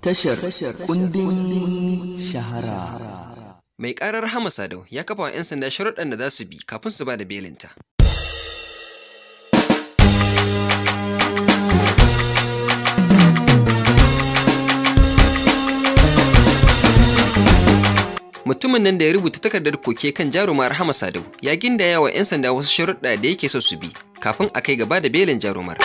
Tashar kundin shahara. Mai karar Hama Sadau ya kafa wa 'yan sanda sharuɗan da za su bi kafin su ba da belinta. mutumin nan da ya rubuta takardar koke kan jaruma rahama sadau ya gindaya wa 'yan sanda wasu sharuɗa da yake so su bi kafin a kai gaba da belin jarumar.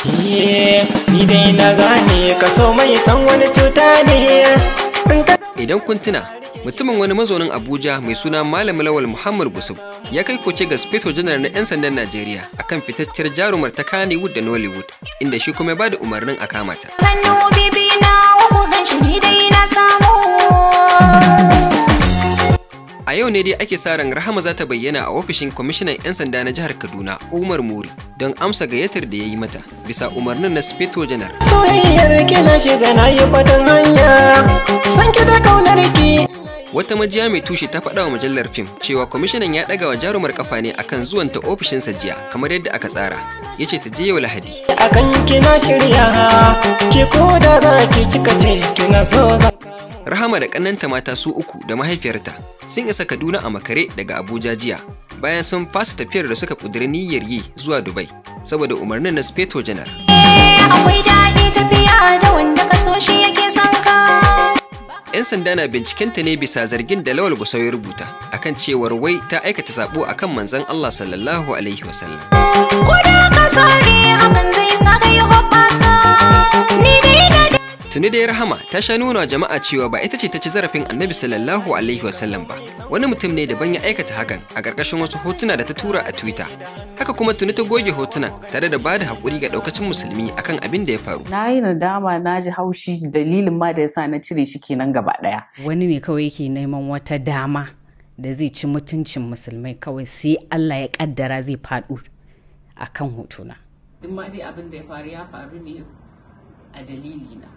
Idan kun tuna, mutumin wani mazaunin Abuja mai suna Malam Lawal Muhammad Gusau ya kai koke ga Speto General na 'yan sandan Najeriya akan fitacciyar jarumar ta Kannywood da Nollywood, inda shi kuma ya bada umarnin a kamata. ne dai ake sa ran Rahama za ta bayyana a ofishin kwamishinan 'yan sanda na jihar Kaduna Umar Muri don amsa gayyatar da ya yi mata bisa umarnin na Speto Janar. Soyayyar na shiga na fatan hanya, san ki da kaunar ki. Wata majiya mai tushe ta faɗa wa mujallar fim cewa kwamishinan ya ɗaga wa jarumar kafa ne akan zuwan ta ofishinsa jiya kamar yadda aka tsara. Ya ce ta je yau Lahadi. Akan kina shirya, ki ko za ki kika ce kina so Rahama da ƙannanta mata su uku da mahaifiyarta sun isa Kaduna a makare daga Abuja jiya bayan sun fasa tafiyar da suka ƙudiri niyyar yi zuwa Dubai saboda umarnin na Speto Janar. Eh, ‘Yan sanda na bincikenta ne bisa zargin da Lawal Gusau ya rubuta akan cewar wai ta aikata sabo akan manzon Allah sallallahu alaihi wasallam. Tuni da Rahama ta sha nuna jama'a cewa ba ita ce ta ci zarafin Annabi sallallahu alaihi wasallam ba. Wani mutum ne daban ya aikata hakan a ƙarƙashin wasu hotuna da ta tura a Twitter. Haka kuma tuni ta goge hotunan tare da bada haƙuri ga ɗaukacin musulmi akan abin da ya faru. Na yi nadama na ji haushi dalilin ma da ya sa na cire shi kenan gaba ɗaya. Wani ne kawai yake neman wata dama da zai ci mutuncin musulmai kawai sai Allah ya ƙaddara zai faɗo akan hotuna. Duk ma dai abin da ya faru ya faru ne a dalili na.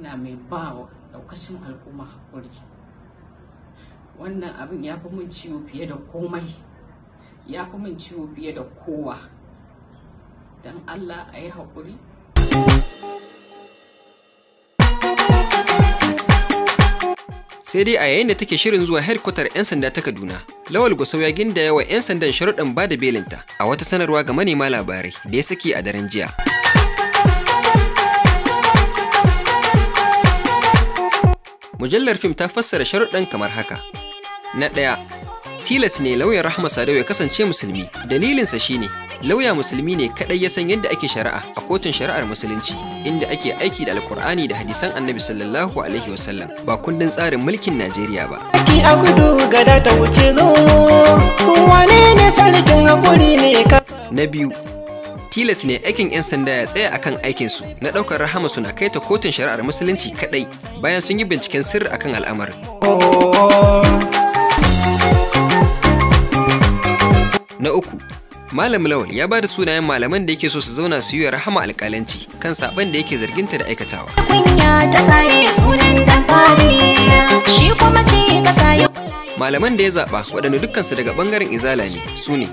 ina mai ba wa daukashin al'umma hakuri wannan abin ya fi min ciwo fiye da komai ya fi min ciwo fiye da kowa don allah a yi haƙuri sai dai a yayin da take shirin zuwa headquarter 'yan sanda ta kaduna lawal gusau ya ginda yawa 'yan sandan sharuɗin ba da belinta a wata sanarwa ga manema labarai da ya saki a daren jiya mujallar fim ta fassara sharuɗan kamar haka na ɗaya tilas ne lauyan Rahma sadau ya kasance musulmi dalilinsa shine lauya musulmi ne kaɗai ya san yadda ake shari'a a kotun shari'ar musulunci inda ake aiki da alkur'ani da hadisan annabi sallallahu alaihi wasallam ba kundin tsarin mulkin najeriya ba na biyu tilas ne aikin 'yan sanda ya tsaya akan aikin su na daukar rahama suna kai ta kotun shari'ar musulunci kadai bayan sun yi binciken sirri akan al'amarin. Na uku, Malam Lawal ya bada sunayen malaman da yake so su zauna su yi rahama alƙalanci kan sabon da yake zarginta da aikatawa. Malaman da ya zaɓa waɗanda dukkansu daga ɓangaren izala ne su ne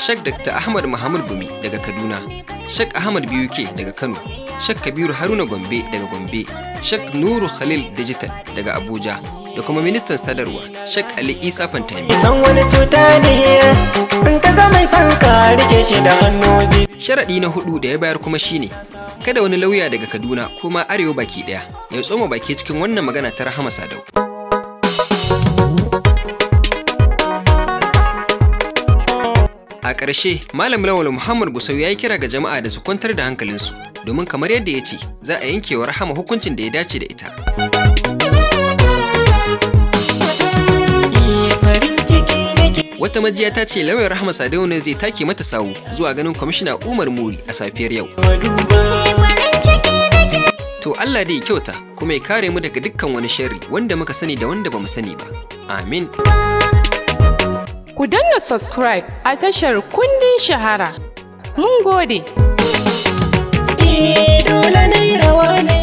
Sheikh Dr. Ahmad Muhammad Gumi daga Kaduna, Sheikh Ahmad BUK daga Kano, Sheikh Kabiru Haruna Gombe daga Gombe, Sheikh Nuru Khalil Digital daga Abuja da kuma ministan sadarwa Sheikh Ali Isa Fantami. San wani cuta ne in ka ga mai san ka rike shi da hannobi. Sharadi na hudu da ya bayar kuma shine kada wani lauya daga Kaduna ko ma Arewa baki ɗaya, ya tsoma baki cikin wannan magana ta Rahama Sadau. ƙarshe Malam Lawal Muhammad Gusau ya yi kira ga jama'a da su kwantar da hankalinsu domin kamar yadda ya ce za a yankewa Rahama hukuncin da ya dace da ita. Wata majiya ta ce lawal Rahama Sadau ne zai take mata sawu zuwa ganin kwamishina Umar Muri a safiyar yau. To Allah dai kyauta kuma ya kare mu daga dukkan wani sharri wanda muka sani da wanda ba mu sani ba. Amin. ku danna subscribe a tashar kundin shahara. Mun gode! dole ne rawa ne.